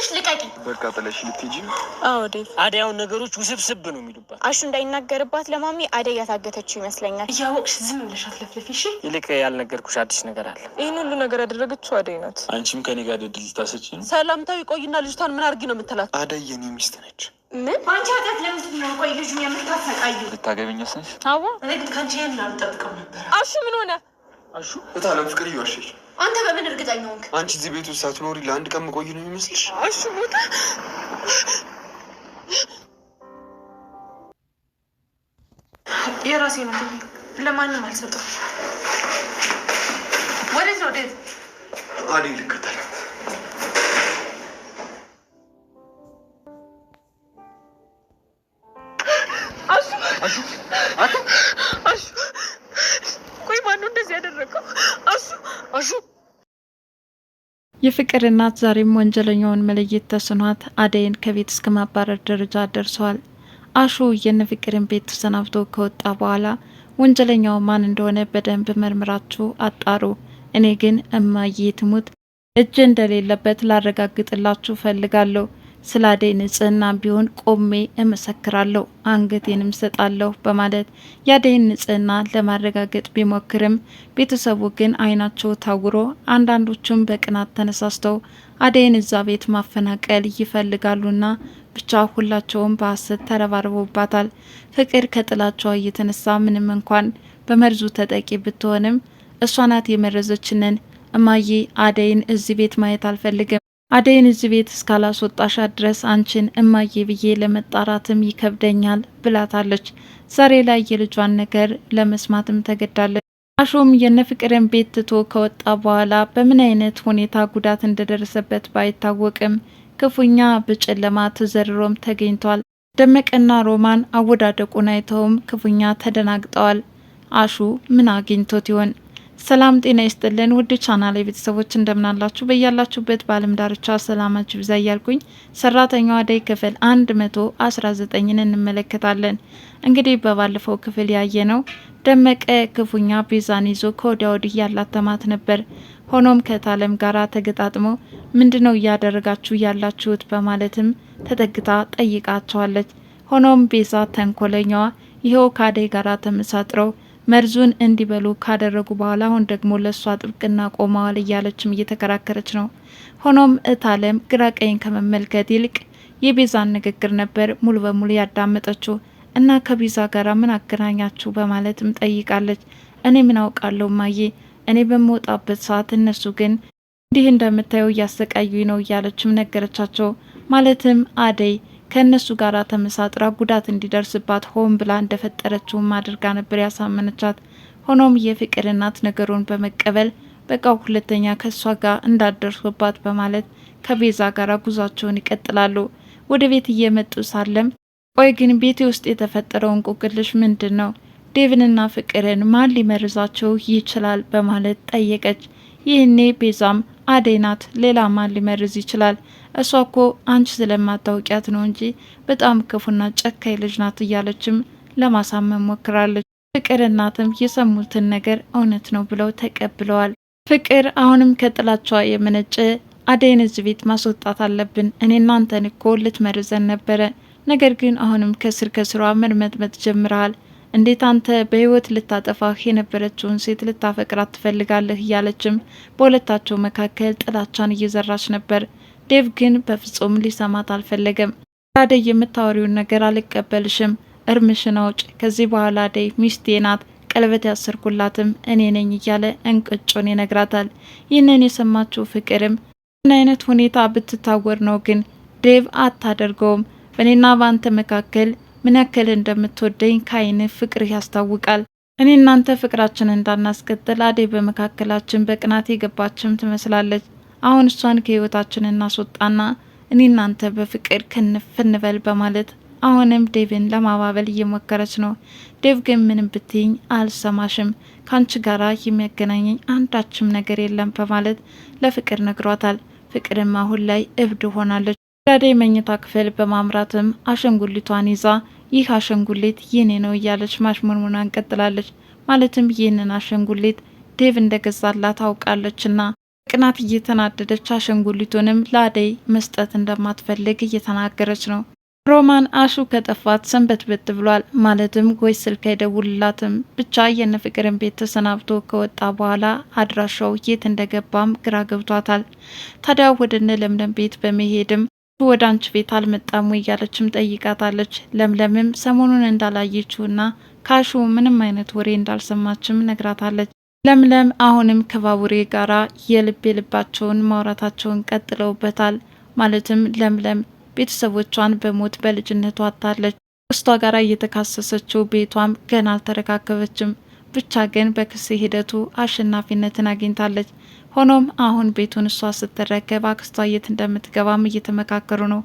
ይኸውልሽ ልቀቂኝ። በቃ ጥለሽ ልትሄጂ አዎ። አደይ አሁን ነገሮች ውስብስብ ነው የሚሉባት። አሹ እንዳይናገርባት ለማሚ አደይ ያታገተችው ይመስለኛል። እያወቅሽ ዝም ብለሽ አትለፍለፊ እሺ። ይልቅ ያልነገርኩሽ አዲስ ነገር አለ። ይህን ሁሉ ነገር ያደረገችው አደይ ናት። አንቺም ከኔ ጋር ድል ታሰጪ ነው። ሰላምታዊ ቆይና ልጅቷን ምን አድርጊ ነው የምትላት? አደይ የኔ ሚስት ነች። ምን አንቺ ኃጢአት ለምትት ነው ቆይ ልጁ የምታሰቃዩ? ልታገቢኝ ስንሽ አዎ። እኔ ግን ከአንቺ ይህን አልጠብቀው ነበር። አሹ ምን ሆነ? አሹ እታለም ፍቅር እየዋሸች አንተ በምን እርግጠኛ ሆንክ? አንቺ እዚህ ቤት ውስጥ ሳትኖሪ ለአንድ ቀን መቆይ ነው የሚመስልሽ? ቦታ የራሴ ነው፣ ለማንም አልሰጠው። ወዴት ነው ዴት? አዴ ልከተል አሹ አሹ አቶ አሹ የፍቅር እናት ዛሬም ወንጀለኛውን መለየት ተስኗት አደይን ከቤት እስከ ማባረር ደረጃ ደርሰዋል። አሹ የነ ፍቅርን ቤት ተሰናብቶ ከወጣ በኋላ ወንጀለኛው ማን እንደሆነ በደንብ መርምራችሁ አጣሩ፣ እኔ ግን እማዬ ትሙት እጅ እንደሌለበት ላረጋግጥላችሁ ፈልጋለሁ ስለ አደይ ንጽህና ቢሆን ቆሜ እመሰክራለሁ፣ አንገቴንም ሰጣለሁ በማለት የአደይን ንጽህና ለማረጋገጥ ቢሞክርም ቤተሰቡ ግን አይናቸው ታውሮ፣ አንዳንዶቹም በቅናት ተነሳስተው አደይን እዛ ቤት ማፈናቀል ይፈልጋሉና ብቻ ሁላቸውም በሀሰት ተረባርቦባታል። ፍቅር ከጥላቸዋ እየተነሳ ምንም እንኳን በመርዙ ተጠቂ ብትሆንም እሷ ናት የመረዘችንን እማዬ አደይን እዚህ ቤት ማየት አልፈልግም አደይን እዚህ ቤት እስካላስወጣሻት ድረስ አንቺን እማዬ ብዬ ለመጣራትም ይከብደኛል ብላታለች። ዛሬ ላይ የልጇን ነገር ለመስማትም ተገዳለች። አሹም የነፍቅርን ቤት ትቶ ከወጣ በኋላ በምን አይነት ሁኔታ ጉዳት እንደደረሰበት ባይታወቅም ክፉኛ በጨለማ ተዘርሮም ተገኝቷል። ደመቀና ሮማን አወዳደቁን አይተውም ክፉኛ ተደናግጠዋል። አሹ ምን አግኝቶት ይሆን? ሰላም ጤና ይስጥልን ውድ ቻናል የቤተሰቦች እንደምናላችሁ በያላችሁበት በአለም ዳርቻ ሰላማችሁ ብዛ እያልኩኝ ሰራተኛዋ አደይ ክፍል አንድ መቶ አስራ ዘጠኝን እንመለከታለን። እንግዲህ በባለፈው ክፍል ያየነው ደመቀ ክፉኛ ቤዛን ይዞ ከወዲያ ወዲህ ያላተማት ነበር። ሆኖም ከታለም ጋራ ተገጣጥሞ ምንድነው እያደረጋችሁ ያላችሁት በማለትም ተጠግታ ጠይቃቸዋለች። ሆኖም ቤዛ ተንኮለኛዋ ይኸው ከአደይ ጋራ ተመሳጥረው መርዙን እንዲበሉ ካደረጉ በኋላ አሁን ደግሞ ለእሷ ጥብቅና ቆመዋል እያለችም እየተከራከረች ነው። ሆኖም እታለም ግራ ቀኝ ከመመልከት ይልቅ የቤዛን ንግግር ነበር ሙሉ በሙሉ ያዳመጠችው እና ከቤዛ ጋር ምን አገናኛችሁ በማለትም ጠይቃለች። እኔ ምን አውቃለሁ ማዬ፣ እኔ በምወጣበት ሰዓት እነሱ ግን እንዲህ እንደምታየው እያሰቃዩ ነው እያለችም ነገረቻቸው። ማለትም አደይ ከእነሱ ጋር ተመሳጥራ ጉዳት እንዲደርስባት ሆን ብላ እንደፈጠረችውም አድርጋ ነበር ያሳመነቻት። ሆኖም የፍቅር እናት ነገሩን በመቀበል በቃ ሁለተኛ ከእሷ ጋር እንዳደርሱባት በማለት ከቤዛ ጋር ጉዟቸውን ይቀጥላሉ። ወደ ቤት እየመጡ ሳለም ቆይ ግን ቤቴ ውስጥ የተፈጠረው እንቆቅልሽ ምንድን ነው? ዴቭንና ፍቅርን ማን ሊመርዛቸው ይችላል? በማለት ጠየቀች። ይህኔ ቤዛም አደይ ናት፣ ሌላ ማን ሊመርዝ ይችላል? እሷ እኮ አንቺ ስለማታውቂያት ነው እንጂ በጣም ክፉና ጨካኝ ልጅ ናት እያለችም ለማሳመን ሞክራለች። ፍቅር እናትም የሰሙትን ነገር እውነት ነው ብለው ተቀብለዋል። ፍቅር አሁንም ከጥላቿ የመነጨ አደይን እዚህ ቤት ማስወጣት አለብን፣ እኔ እናንተን እኮ ልትመርዘን ነበረ፣ ነገር ግን አሁንም ከስር ከስሯ መርመጥመጥ ጀምረሃል። እንዴት አንተ በህይወት ልታጠፋህ የነበረችውን ሴት ልታፈቅራት ትፈልጋለህ? እያለችም በሁለታቸው መካከል ጥላቻን እየዘራች ነበር። ዴቭ ግን በፍጹም ሊሰማት አልፈለገም። አደይ የምታወሪውን ነገር አልቀበልሽም፣ እርምሽን አውጭ። ከዚህ በኋላ አደይ ሚስቴ ናት፣ ቀለበት ያሰርኩላትም እኔ ነኝ እያለ እንቅጩን ይነግራታል። ይህንን የሰማችው ፍቅርም ምን አይነት ሁኔታ ብትታወር ነው ግን ዴቭ አታደርገውም። በእኔና በአንተ መካከል ምን ያክል እንደምትወደኝ ከአይን ፍቅር ያስታውቃል። እኔ እናንተ ፍቅራችን እንዳናስቀጥል አደይ በመካከላችን በቅናት የገባችም ትመስላለች። አሁን እሷን ከህይወታችን እናስወጣና እኔ እናንተ በፍቅር ክንፍ በማለት አሁንም ዴቭን ለማባበል እየሞከረች ነው። ዴቭ ግን ምንም ብትኝ አልሰማሽም፣ ከአንቺ ጋራ የሚያገናኘኝ አንዳችም ነገር የለም በማለት ለፍቅር ነግሯታል። ፍቅርም አሁን ላይ እብድ ሆናለች። ዳዴ መኝታ ክፍል በማምራትም አሸንጉሊቷን ይዛ ይህ አሸንጉሊት የኔ ነው እያለች ማሽሙርሙና ቀጥላለች። ማለትም ይህንን አሸንጉሊት ዴቭ እንደገዛላት ታውቃለችና ቅናት እየተናደደች አሸንጉሊቱንም ለአደይ መስጠት እንደማትፈልግ እየተናገረች ነው። ሮማን አሹ ከጠፋት ሰንበት በት ብሏል። ማለትም ወይ ስልክ አይደውልላትም ብቻ የነ ፍቅርን ቤት ተሰናብቶ ከወጣ በኋላ አድራሻው የት እንደገባም ግራ ገብቷታል። ታዲያ ወደነ ለምለም ቤት በመሄድም ወደ አንቺ ቤት አልመጣም ወይ እያለችም ጠይቃታለች። ለምለምም ሰሞኑን እንዳላየችውና ከአሹ ምንም አይነት ወሬ እንዳልሰማችም ነግራታለች። ለምለም አሁንም ከባቡሬ ጋራ የልቤ ልባቸውን ማውራታቸውን ቀጥለውበታል። ማለትም ለምለም ቤተሰቦቿን በሞት በልጅነቷ አታለች። እስቷ ጋራ እየተካሰሰችው ቤቷም ገና አልተረካከበችም። ብቻ ግን በክስ ሂደቱ አሸናፊነትን አግኝታለች። ሆኖም አሁን ቤቱን እሷ ስትረከብ አክስቷ የት እንደምትገባም እየተመካከሩ ነው።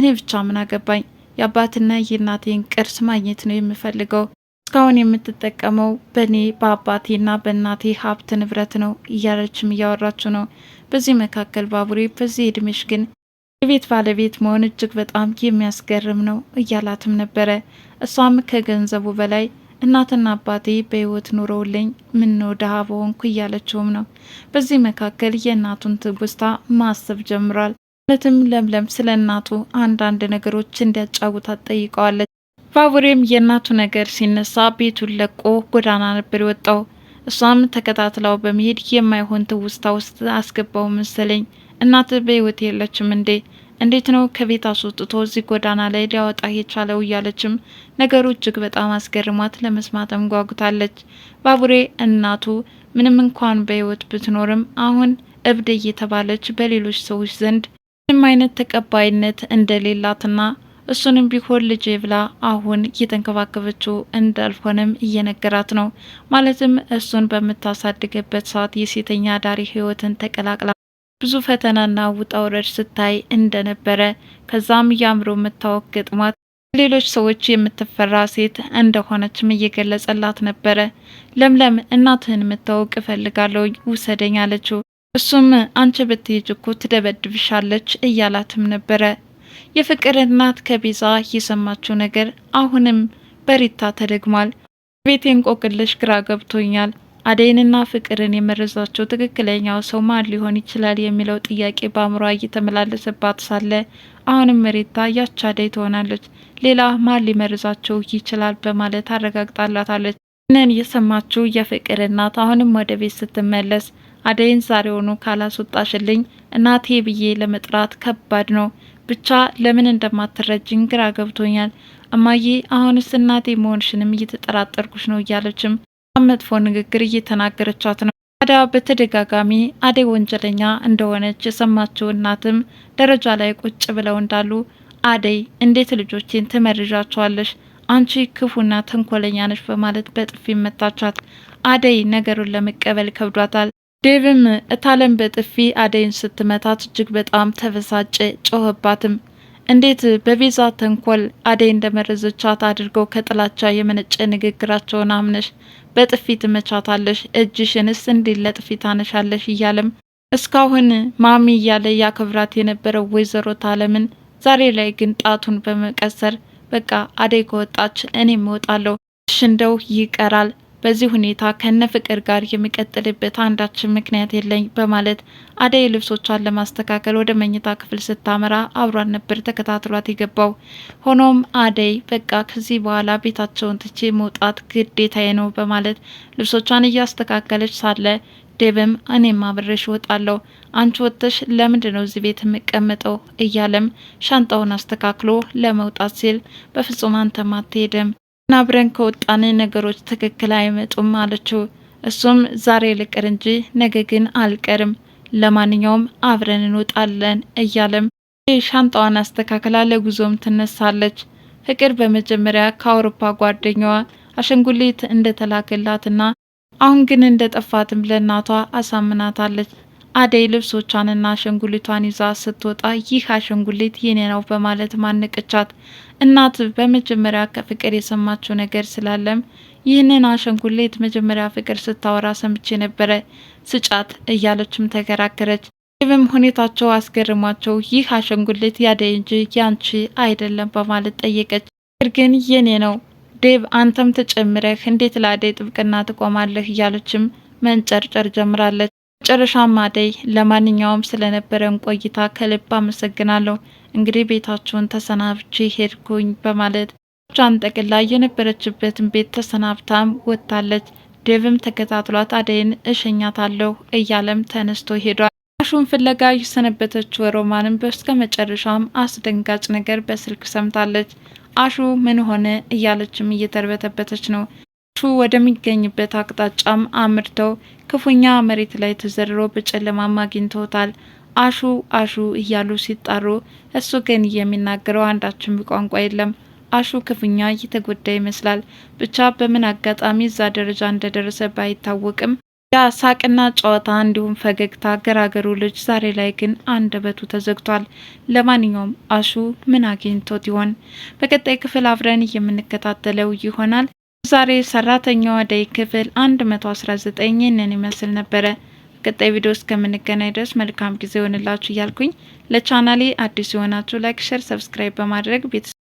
እኔ ብቻ ምን አገባኝ፣ የአባትና የእናቴን ቅርስ ማግኘት ነው የምፈልገው እስካሁን የምትጠቀመው በእኔ በአባቴና በእናቴ ሀብት ንብረት ነው እያለችም እያወራችሁ ነው። በዚህ መካከል ባቡሬ በዚህ እድሜሽ ግን የቤት ባለቤት መሆን እጅግ በጣም የሚያስገርም ነው እያላትም ነበረ። እሷም ከገንዘቡ በላይ እናትና አባቴ በህይወት ኑረውልኝ ምን ነው በሆንኩ እያለችውም ነው። በዚህ መካከል የእናቱን ትውስታ ማሰብ ጀምሯል። ማለትም ለምለም ስለ እናቱ አንዳንድ ነገሮች እንዲያጫውታት ጠይቀዋለች። ባቡሬም የእናቱ ነገር ሲነሳ ቤቱን ለቆ ጎዳና ነበር የወጣው። እሷም ተከታትለው በመሄድ የማይሆን ትውስታ ውስጥ አስገባው መሰለኝ። እናት በህይወት የለችም እንዴ? እንዴት ነው ከቤት አስወጥቶ እዚህ ጎዳና ላይ ሊያወጣ የቻለው? እያለችም ነገሩ እጅግ በጣም አስገርሟት ለመስማትም ጓጉታለች። ባቡሬ እናቱ ምንም እንኳን በህይወት ብትኖርም አሁን እብድ እየተባለች በሌሎች ሰዎች ዘንድ ምንም አይነት ተቀባይነት እንደሌላትና እሱንም ቢሆን ልጄ ብላ አሁን እየተንከባከበችው እንዳልሆነም እየነገራት ነው። ማለትም እሱን በምታሳድግበት ሰዓት የሴተኛ አዳሪ ህይወትን ተቀላቅላ ብዙ ፈተናና ውጣ ውረድ ስታይ እንደነበረ ከዛም ያምሮ መታወቅ ገጥሟት ሌሎች ሰዎች የምትፈራ ሴት እንደሆነችም እየገለጸላት ነበረ። ለምለም እናትህን የምታወቅ እፈልጋለሁ ውሰደኝ አለችው። እሱም አንቺ ብትሄጅ እኮ ትደበድብሻለች እያላትም ነበረ። የፍቅር እናት ከቤዛ የሰማችው ነገር አሁንም በሪታ ተደግሟል። ቤቴ እንቆቅልሽ ግራ ገብቶኛል። አደይንና ፍቅርን የመረዛቸው ትክክለኛው ሰው ማን ሊሆን ይችላል የሚለው ጥያቄ በአእምሯ እየተመላለሰባት ሳለ አሁንም ሪታ ያች አደይ ትሆናለች፣ ሌላ ማን ሊመርዛቸው ይችላል በማለት አረጋግጣላታለች። ይህንን የሰማችው የፍቅር እናት አሁንም ወደ ቤት ስትመለስ አደይን ዛሬውኑ ካላስወጣሽልኝ እናቴ ብዬ ለመጥራት ከባድ ነው። ብቻ ለምን እንደማትረጅኝ ግራ ገብቶኛል። እማዬ አሁንስ እናቴ መሆንሽንም እየተጠራጠርኩሽ ነው እያለችም መጥፎ ንግግር እየተናገረቻት ነው። ታዲያ በተደጋጋሚ አደይ ወንጀለኛ እንደሆነች የሰማችው እናትም ደረጃ ላይ ቁጭ ብለው እንዳሉ አደይ እንዴት ልጆቼን ትመርዣቸዋለሽ? አንቺ ክፉና ተንኮለኛ ነች በማለት በጥፊ መታቻት። አደይ ነገሩን ለመቀበል ከብዷታል። ዴቭም እታለም በጥፊ አደይን ስትመታት እጅግ በጣም ተበሳጨ፣ ጮኸባትም። እንዴት በቤዛ ተንኮል አደይ እንደመረዘቻት አድርገው ከጥላቻ የመነጨ ንግግራቸውን አምነሽ በጥፊ ትመቻታለሽ፣ እጅሽንስ ለጥፊ ታነሻለሽ እያለም እስካሁን ማሚ እያለ ያከብራት የነበረው ወይዘሮ ታለምን ዛሬ ላይ ግን ጣቱን በመቀሰር በቃ አደይ ከወጣች እኔም እወጣለሁ፣ ሽንደው እንደው ይቀራል በዚህ ሁኔታ ከነ ፍቅር ጋር የሚቀጥልበት አንዳችን ምክንያት የለኝ በማለት አደይ ልብሶቿን ለማስተካከል ወደ መኝታ ክፍል ስታመራ አብሯን ነበር ተከታትሏት የገባው። ሆኖም አደይ በቃ ከዚህ በኋላ ቤታቸውን ትቼ መውጣት ግዴታዬ ነው በማለት ልብሶቿን እያስተካከለች ሳለ ዴብም እኔም አብሬሽ እወጣለሁ፣ አንቺ ወጥተሽ ለምንድን ነው እዚህ ቤት የምቀመጠው? እያለም ሻንጣውን አስተካክሎ ለመውጣት ሲል በፍጹም አንተም አትሄድም አብረን ከወጣን ነገሮች ትክክል አይመጡም አለችው። እሱም ዛሬ ልቅር እንጂ ነገ ግን አልቀርም፣ ለማንኛውም አብረን እንወጣለን እያለም ሻንጣዋን አስተካክላ ለጉዞም ትነሳለች። ፍቅር በመጀመሪያ ከአውሮፓ ጓደኛዋ አሸንጉሊት እንደተላከላትና አሁን ግን እንደጠፋትም ለእናቷ አሳምናታለች። አደይ ልብሶቿንና አሸንጉሊቷን ይዛ ስትወጣ ይህ አሸንጉሊት የኔ ነው በማለት ማነቀቻት። እናት በመጀመሪያ ከፍቅር የሰማችው ነገር ስላለም ይህንን አሸንጉሊት መጀመሪያ ፍቅር ስታወራ ሰምቼ ነበረ ስጫት እያለችም ተከራከረች። ይህም ሁኔታቸው አስገርሟቸው ይህ አሸንጉሊት ያደይ እንጂ ያንቺ አይደለም በማለት ጠየቀች። ነገር ግን የኔ ነው ዴብ አንተም ተጨምረህ እንዴት ለአደይ ጥብቅና ትቆማለህ? እያለችም መንጨርጨር ጀምራለች። መጨረሻም አደይ ለማንኛውም ስለነበረን ቆይታ ከልብ አመሰግናለሁ፣ እንግዲህ ቤታችሁን ተሰናብቼ ሄድኩኝ በማለት ቻን ጠቅላ የነበረችበትን ቤት ተሰናብታም ወጥታለች። ዴቭም ተከታትሏት አደይን እሸኛታለሁ እያለም ተነስቶ ሄዷል። አሹን ፍለጋ የሰነበተችው ሮማንም በስተ መጨረሻም አስደንጋጭ ነገር በስልክ ሰምታለች። አሹ ምን ሆነ እያለችም እየተርበተበተች ነው። እሱ ወደሚገኝበት አቅጣጫም አምርተው ክፉኛ መሬት ላይ ተዘርሮ በጨለማም አግኝተውታል። አሹ አሹ እያሉ ሲጣሩ እሱ ግን የሚናገረው አንዳችም ቋንቋ የለም። አሹ ክፉኛ እየተጎዳ ይመስላል። ብቻ በምን አጋጣሚ እዛ ደረጃ እንደደረሰ ባይታወቅም ያ ሳቅና ጨዋታ እንዲሁም ፈገግታ ገራገሩ ልጅ ዛሬ ላይ ግን አንደበቱ ተዘግቷል። ለማንኛውም አሹ ምን አግኝቶት ይሆን? በቀጣይ ክፍል አብረን የምንከታተለው ይሆናል። ዛሬ ሰራተኛዋ አደይ ክፍል 119 ይህንን ይመስል ነበረ። ቀጣይ ቪዲዮ እስከምንገናኝ ድረስ መልካም ጊዜ ሆንላችሁ እያልኩኝ ለቻናሌ አዲስ የሆናችሁ ላይክ፣ ሸር፣ ሰብስክራይብ በማድረግ ቤተሰብ